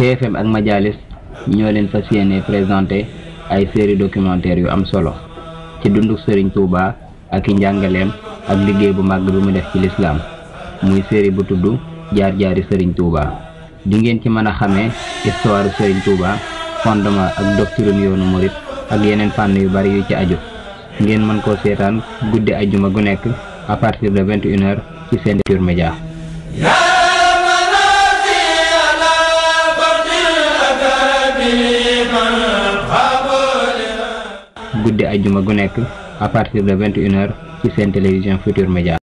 TFM ak Majalis ñoo leen fas yéene présenté ay série documentaire yu am solo ci dunduk sëriñ Touba ak i njàngaleem ak liggéey bu màgg bi def ci lislaam muy série bu tudd jaar-jaari sëriñ Touba di ngeen ci mën a xamee histoire Serigne Touba fondement ak doctrine yoonu murit ak yeneen fànn yu bari yu ci aju ngeen mën ko seetaan guddi ajuma gu nekk à partir de vingt et ci seen Futurs Médias guddi ajjuma gu nekk à partir de vingt et une heures ci seen télévision Futurs Médias